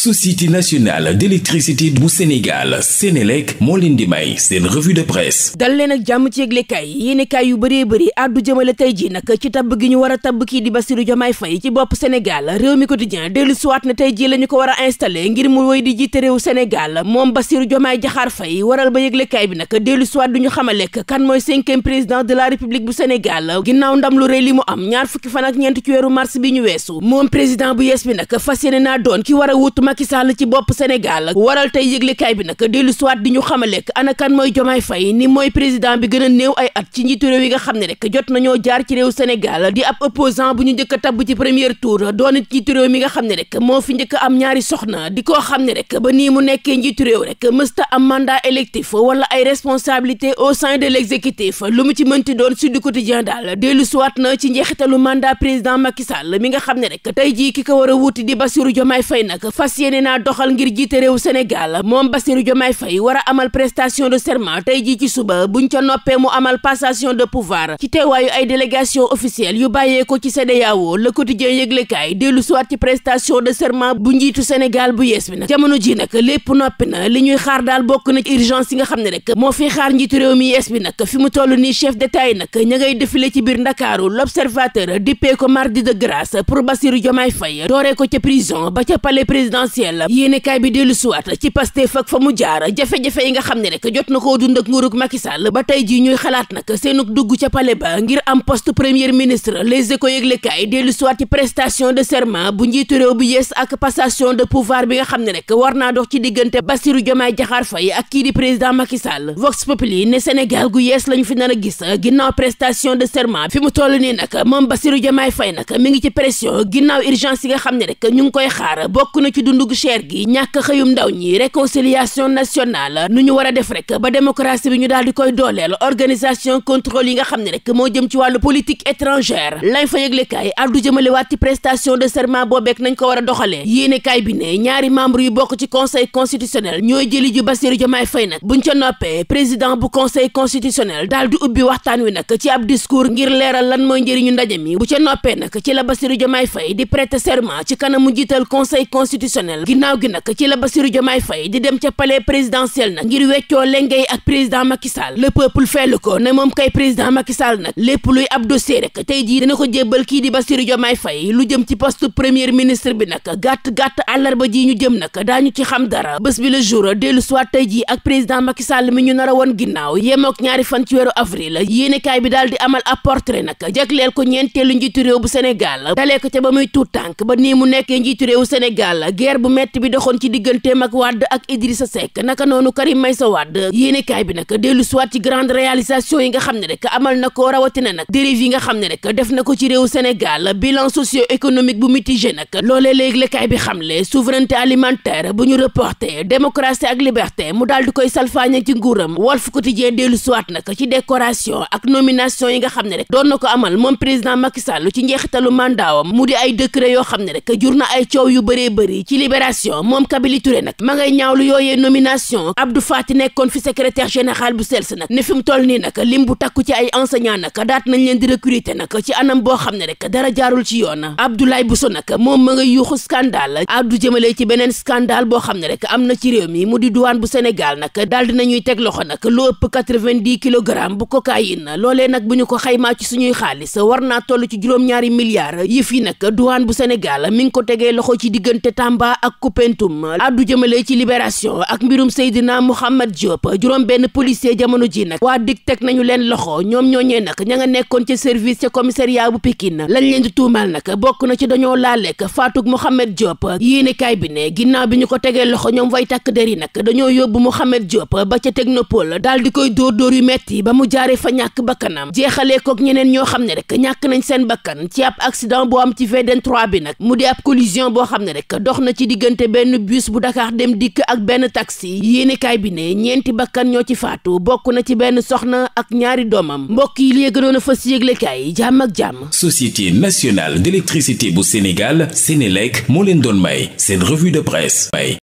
société nationale d'électricité bu Sénégal Sénélec moo leen di may seen revue de presse dal leen ak jàmm ci yëglekaay yéenekaay yu bëree bëri àddu jëmale tey ji nag ci tabb gi ñu war a kii di Bassirou Diomaye Faye ci bopp Sénégal réew mi quotidien dellu siwaat na tey ji la ko war a installé ngir mu woy di jiite réew Sénégal moom Bassirou Diomaye Diakhar Faye waral ba yëglekaay bi nag dellu siwaat du ñu xamalekk kan mooy cinquième président de la République bu Sénégal ginnaaw ndam lu rëy li mu am ñaar fukki fan ak ñeent ci weeru bi ñu weesu moom a Macky Sall ci bopp Sénégal waral tey yëglekaay bi nag dellu siwaat di ñu xamalekk ana kan mooy Jomaay Fay ni mooy président bi gën a néew ay at ci njiitu réew yi nga xam ne rek jot nañoo jaar ci réew Sénégal di ab opposant bu ñu jëkk a tabb ci premier tour doon it njiitu réew mi nga xam ne rek moo fi njëkk am ñaari soxna di koo xam ne rek ba nii mu nekkee njiitu réew rek mësta am mandat électif wala ay responsabilité au sein de l'exécutif lu mu ci mënti doon Sud Quotidien daal dellu siwaat ci njeexitalu mandat président Macky Sall mi nga xam ne rek tey jii ki ko war a wuuti di Bassirou Jomaay Fay nag fas yéene naa doxal ngir jiite réew Sénégal moom Bassirou Diomaye Faye war amal prestation de serment tey jii ci suba buñ ca noppee mu amal passation de pouvoir ci teewaayu ay délégation officielle yu bàyyee ko ci CEDEAO le quotidien yëglekaay dellu siwaat ci prestation de serment bu njiitu Sénégal bu yees bi nag jamono ji nag lépp noppi na li ñuy xaar daal bokk na ci urgence yi nga xam ne rek moo fi xaar njiitu réew mi yees bi nag fi mu toll nii chef d'état yi nag ña ngay défilé ci biir Ndakaaru l'observateur dippee ko mardi de grâce pour Bassirou Diomaye Faye présidentielle yéenekaay bi dellu siwaat ci Pastef ak fa mu jaar jafe-jafe yi nga xam ne rek jot na koo dund ak nguurug Macky Sall ba tey jii ñuy xalaat nag seenug dugg ca pale ba ngir am poste premier ministre les échos yëglekaay dellu siwaat ci prestation de serment bu njiitu réew bu yees ak passation de pouvoir bi nga xam ne rek war naa dox ci diggante Bassirou Diomaye jaxaar fay ak kii di président Macky Sall Vox Populi ne Sénégal gu yees lañu fi nar a gis ginnaaw prestation de serment fi mu toll nii nag moom Bassirou Diomaye Faye nag mi ngi ci pression ginnaaw urgence yi nga xam ne rek ñu ngi koy xaar dundug cher gi ñàkk xëyum ndaw ñi réconciliation nationale nu ñu war a def rek ba démocratie bi ñu daal koy dooleel organisation contrôle yi nga xam ne rek moo jëm ci wàllu politique étrangère lañ fa yëglekaay addu jëmale waat prestation de serment boobeek nañ ko war a doxalee yéenekaay bi ne ñaari membre yu bokk ci conseil constitutionnel ñooy jëli ju Bassirou Diomaye Faye nag buñ ca noppee président bu conseil constitutionnel daal ubbi waxtaan wi nag ci constitutionnel ginnaaw gi nag ci la Bassirou Diomaye Faye di dem ca palais présidentiel nag ngir weccoo lengey ak président Macky Sall peuple fetlu ko ne moom kay président Macky Sall lépp luy ab dossier rek tey jii dina ko jébbal kii di Bassirou Diomaye Faye lu jëm ci poste premier ministre bi nag gàtt-gàtt àllarba ji ñu jëm nag daañu ci xam dara bés bi le jour dellu soit tey jii ak président Macky mi ñu nar a woon ginnaaw yemook ñaari fan ci weeru avril yéenekaay bi daal di amal ab bu metti bi doxoon ci digganteem ak Wade ak Idrissa Seck naka noonu Karim Meïssa Wade yéenekaay bi nag dellu siwaat ci grande réalisation yi nga xam ne rek amal na ko rawatina nag dérive yi nga xam ne rek def na ko ci réew Sénégal bilan socio-économique bu mitigé nag loole léegi lekaay bi xamle souveraineté alimentaire bu ñu reporté démocratie ak liberté mu daal di koy salfaañe ci nguuram Walf Quotidien dellu siwaat nag ci décoration ak nomination yi nga xam ne rek doon na ko amal moom président Macky Sall ci njeexitalu mandaawam mu di ay décret yoo xam ne rek jur yu bëree libération moom Kabili Touré nag ma ngay ñaawlu yooyee nomination Abdou Fati nekkoon fi secrétaire général bu SELS nag ne fi mu toll nii nag lim bu takku ci ay enseignant nag daat nañ leen di recruter nag ci anam boo xam ne rek dara jaarul ci yoon bu Bousso nag moom ma ngay yuuxu scandale addu jëmale ci beneen scandale boo xam ne rek am na ci réew mi mu di douane bu Sénégal nag daal dinañuy teg loxo nag lu ëpp quatre-vingt-dix kilogrammes bu cocaïne loolee nag bu ñu ko xaymaa ci suñuy xaalis war naa toll ci juróom-ñaari milliards yëf yi nag douane bu Sénégal mi ko Touba ak Koupentoum addu jëmale ci libération ak mbirum Seydina Mouhamed Diop juróom benn policier jamono ji nag waa dig teg nañu leen loxo ñoom ñooñee nag ña nga nekkoon ca service ca commissariat bu Pikine lañ leen di tuumal nag bokk na ci dañoo laalek faatug Mouhamed Diop yéenekaay bi ne ginnaaw bi ñu ko tegee loxo ñoom way takk der yi nag dañoo yóbbu Mouhamed Diop ba ca Technopole daal di koy dóor dóor yu metti ba mu jaare fa ñàkk bakkanam jeexalee kook ñeneen ñoo xam ne rek ñàkk nañ seen bakkan ci ab accident boo am ci VDN 3 bi nag mu di ab collision boo xam ne rek dox na ci diggante benn bus bu Dakar dem dikk ak benn taxi yéenekaay bi ne ñeenti bakkan ñoo ci faatu bokk na ci benn soxna ak ñaari doomam mbokk yi li gënoon a fas yéeglekaay jàmm ak jàmm. Société nationale d'électricité bu Sénégal Sénélec moo leen doon may seen revue de presse may.